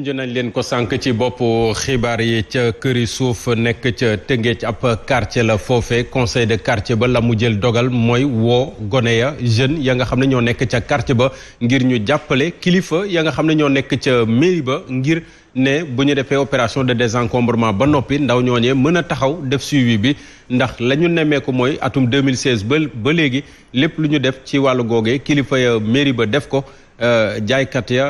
junj nañ leen ko sànq ci boppu xibaar yi ca këri suuf nekk ca Tëngéej ab quartier la foofe conseil de quartier ba la mu jël dogal mooy woo gone ya jeunes ya nga xam ne ñoo nekk ca quartier ba ngir ñu jàppale kilifa ya nga xam ne ñoo nekk ca mairie ba ngir ne bu ñu defee opération de désencombrement ba noppi ndaw ñooñee mën a taxaw def suivi bi ndax la ñu nemmeeku mooy atum 2016 ba ba léegi lépp lu ñu def ci wàllu googe kilifa ya mairie ba def ko Euh, jaaykat ya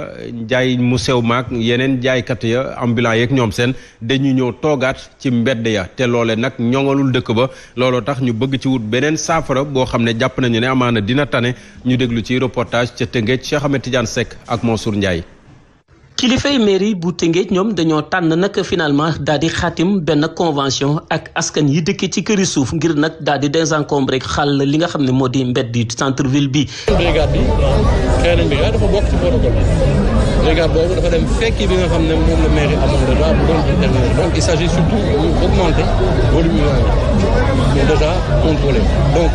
jaay mu sew maak yeneen jaaykat ya ambulant yeek ñoom seen dañu ñëw toogaat ci mbedd ya te loole nag ñoŋalul dëkk ba looloo tax ñu bëgg ci wut beneen saafara boo xam ne jàpp nañu ne amaana dina tane ñu déglu ci reportage ca Tëngéej Cheikh Ahmed Tidiane Seck ak Mansour Ndiaye kilifay mairie bu Tëngéej ñoom dañoo tànn nag finalement daal di xaatim benn convention ak askan yi dëkk ci këri suuf ngir nag daal di désencombré xàll li nga xam ne moo di mbedd yi centre ville bi. brigade bi xëy na brigade dafa bokk ci protocole bi bi nga xam ne moom la mairie amoon déjà bu doon intervenir donc donc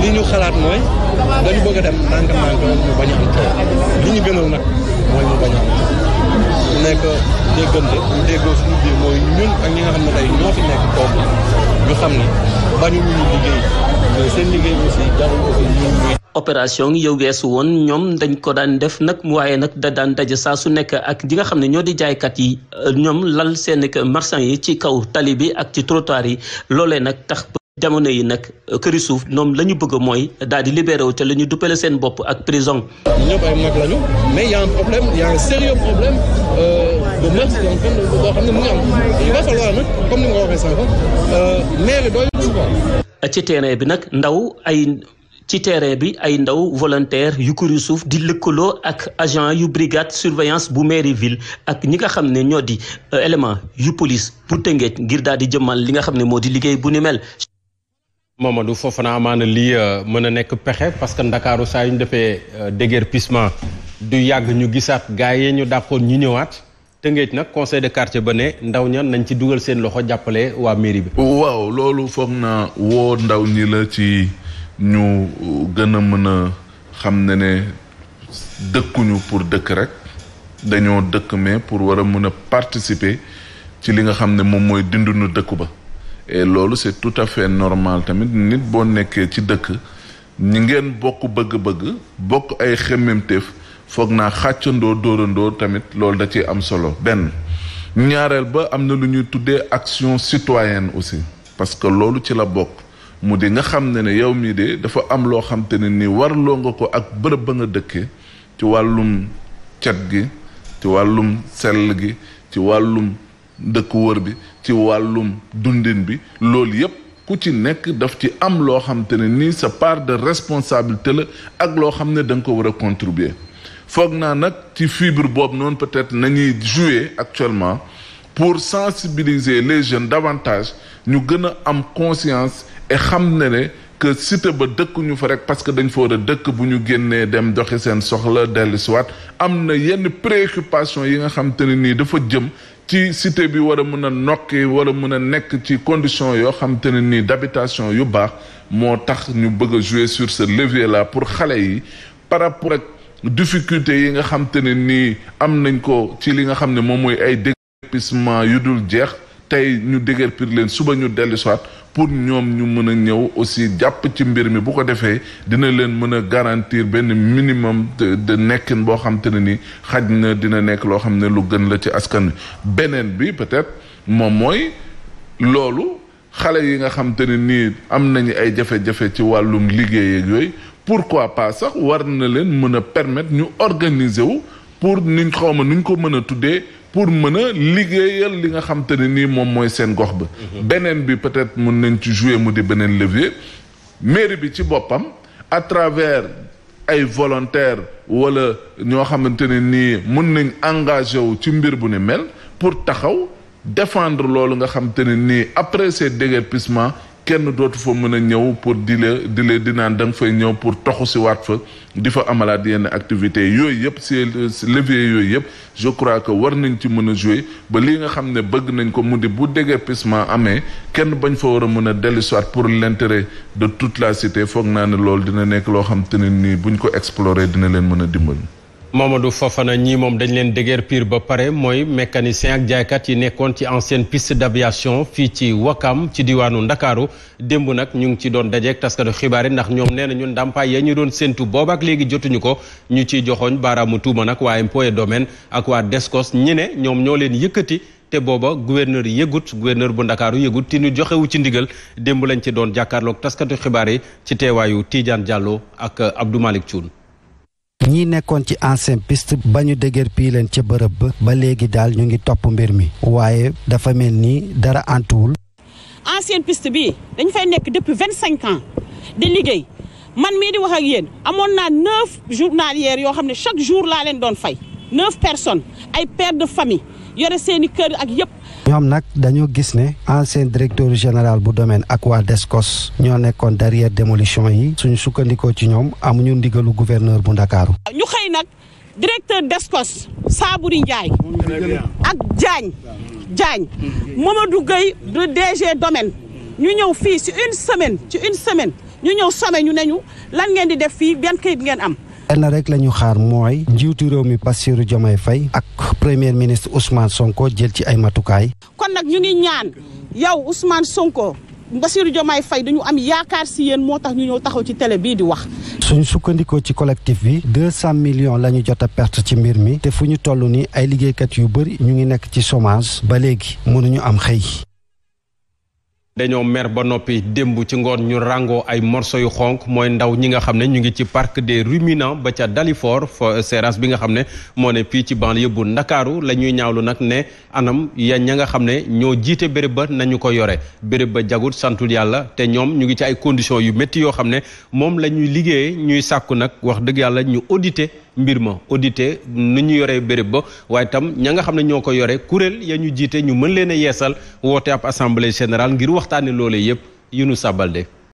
li ñu xalaat mooy dañu bëgg a dem ndànk-ndànk mu bañ a am li ñu gënal nag mooy mu bañ mu nekk nga xam ne yow weesu woon ñoom dañ ko daan def nag waaye nag da daan daje saa su nekk ak ñi nga xam ne ñoo di jaaykat yi ñoom lal seen marchands yi ci kaw tali bi ak ci trotoir yi loolee nag tax jamono yi nag euh, këri suuf ñoom la ñu bëgg mooy daal di wu te la ñu duppale seen bopp ak prison. mais y' a sérieux problème euh, euh, ci terrain bi nag ndaw ay. ci terrain bi ay ndaw volontaire yu këri suuf di lëkkaloo ak agent yu brigade surveillance bu mairie ville ak ñi nga xam ne ñoo di élément yu police bu Tëngéej ngir daal di jëmmal li nga xam ne moo di liggéey bu ni mel Mamadou Fofana amaana lii euh, mën a nekk pexe parce que ndakaaru saa yu ñu defee euh, déguerpissement du yàgg ñu gisaat gars yi ñu dàqoon ñu ñëwaat tëngeej nag conseil de quartier ba ne ndaw ña nañ ci dugal seen loxo jàppale waa mairie bi. waaw loolu foog na woo ndaw ñi la ci ñu gën a mën a xam ne ne dëkkuñu pour dëkk rek dañoo dëkk mais pour war a mën a participer ci li nga xam ne moom mooy dindunu dëkku ba. loolu c'est tout à fait normal tamit nit boo nekkee ci dëkk ñi ngeen bokk bëgg-bëgg bokk ay xemmemteef foog naa xàccandoo dóorandoo tamit loolu da ciy am solo benn ñaareel ba am na lu ñuy tuddee action citoyenne aussi parce que loolu ci la bokk mu di nga xam ne ne yow mii de dafa am loo xam te ne nii warloo nga ko ak bërëb ba nga dëkkee ci wàllum cet gi ci wàllum sell gi ci wàllum dëkk wër bi ci wàllum dundin bi loolu yépp ku ci nekk daf ci am loo xam te ne nii sa part de responsabilité la ak loo xam ne danga ko war a contribuer foog naa nag ci fibre boobu noonu peut-être nañuy jouer actuellement pour sensibiliser les jeunes davantage ñu gën a am conscience et xam ne ne que site ba dëkkuñu fa rek parce que dañ fa war dëkk bu ñu génnee dem doxi seen soxla dellusiwaat am na yenn préoccupation yi nga xam te ne nii dafa jëm ci cité bi war a mën a nokki war a mën a nekk ci condition yoo xam te ne nii d'habitation yu baax moo tax ñu bëgg a jouer sur ce levier la pour xale yi par rapport ak difficulté yi nga xam te ne nii am nañ ko ci li nga xam ne moom mooy ay déguerpissement yu dul jeex tey ñu déguerpir leen suba ñu dellu soit pour ñoom ñu mën a ñëw aussi jàpp ci mbir mi bu ko defee dina leen mën a garantir benn minimum de nekkin boo xam ne ni xaj na dina nekk loo xam ne lu gën la ci askan beneen bi peut-être moom mooy loolu xale yi nga xam ne nii am nañu ay jafe-jafe ci wàllum liggéey ak yooyu pourquoi pas sax war na leen mën a permettre ñu organiser wu pour niñ xawma nuñ ko mën a tuddee pour mën a liggéeyal li nga xam te ne nii moom mooy seen gox bi mhm. beneen bi peut-être mën nañ ci jouer mu di beneen levier mairie bi ci boppam à travers ay volontaires wala ñoo xamante ne nii mun nañ engagé wu ci mbir bu ni mel pour taxaw défendre loolu nga xam te ne nii après ces déguerpissements kenn dootu fa mën a ñëw pour di la di la di naan fay ñëw pour toxu si waat fa di fa amalaat yenn activités yooyu yëpp si levier yooyu yëpp je crois que war nañ ci mën a jouer ba li nga xam ne bëgg nañ ko mu di bu déguerpissement amee kenn bañ fa war a mën a dellu soit pour l'intérêt de toute la cité foog naa ne lool dina nekk loo xam te ne nii buñ ko explorer dina leen mën a dimbali. Mamadou Fofana ñii moom dañ leen dëgër pire ba pare mooy mécanicien ak jaaykat yi nekkoon ci ancienne piste d'aviation fii ci Wakam ci diwaanu Ndakaaru démb nag ñu ngi ci doon dajeek taskatu xibaar yi ndax ñoom nee na ñun ndàmpaay ya ñu doon séntu booba ak léegi jotuñu ko ñu ci joxoñ baaraamu tuuma nag waa impôt et domaine ak waa Descos ñi ne ñoom ñoo leen yëkkati te booba gouverneur yëgut gouverneur bu Ndakaaru yëgut te ñu joxewu ci ndigal démb lañ ci doon jàkkaarloog taskatu xibaar yi ci teewaayu Tidiane Diallo ak Abdou Malick Thioune ñi nekkoon ci ancienne piste ba ñu dëgër pii leen ca bërëb ba ba léegi daal ñu ngi topp mbir mi waaye dafa mel ni dara antuwul. ancienne piste bi dañ fay nekk depuis vingt cinq ans di liggéey man mii di wax ak yéen amoon naa neuf journalières yoo xam ne chaque jour laa leen doon fay neuf personnes ay pères de famille yore seeni kër ak yëpp. ñoom nag dañoo gis ne ancien directeur général bu domaine ak waa DSCOS ñoo nekkoon derrière démolition yi suñu sukkandikoo ci ñoom amuñu ndigalu gouverneur bu Ndakaaru ñu xëy nag directeur DSCOS Saaburi Njaay ak Jaañ Jaañ Mamadou Gueye de DG domaine ñu ñëw fii ci une semaine ci une semaine ñu ñëw somme ñu ne ngeen di def fii benn kayit ngeen am enn rek la ñu xaar mooy njiitu réew mi Bassirou Diomaye Faye ak premier ministre Ousmane Sonko jël ci ay matukaay. kon nag ñu ngi ñaan yow Ousmane Sonko Bassirou Diomaye Faye dañu am yaakaar si yéen moo tax ñu ñëw taxaw ci télé bii di wax. suñ sukkandikoo ci collectif bi deux cent millions la ñu jot perte ci mbir mi te fu ñu toll nii ay liggéeykat yu bëri ñu ngi nekk ci chômage ba léegi mënuñu am xëy. dañoo mer ba noppi démb ci ngoon ñu ràngoo ay morso yu xonk mooy ndaw ñi nga xam ne ñu ngi ci parc des ruminants ba ca Dalifort fa euh, bi nga xam ne moo ne fii ci banlieue bu Ndakaaru la ñuy ñaawlu nag ne anam ya ña nga xam ne ñoo jiite béréb ba nañu ko yore béréb ba jagut santul yàlla te ñoom ñu ngi ci ay conditions yu métti yoo xam ne moom la ñuy liggéeyee ñuy sàkku nag wax dëgg yàlla ñu audité mbir ma audité nu ñu yoree béréb ba waaye tam ña nga xam ne ñoo ko yore kuréel ya ñu jiite ñu mën leen a yeesal woote ab assemblée général ngir wax waxtaanee loolee yëpp Younouss Sabalde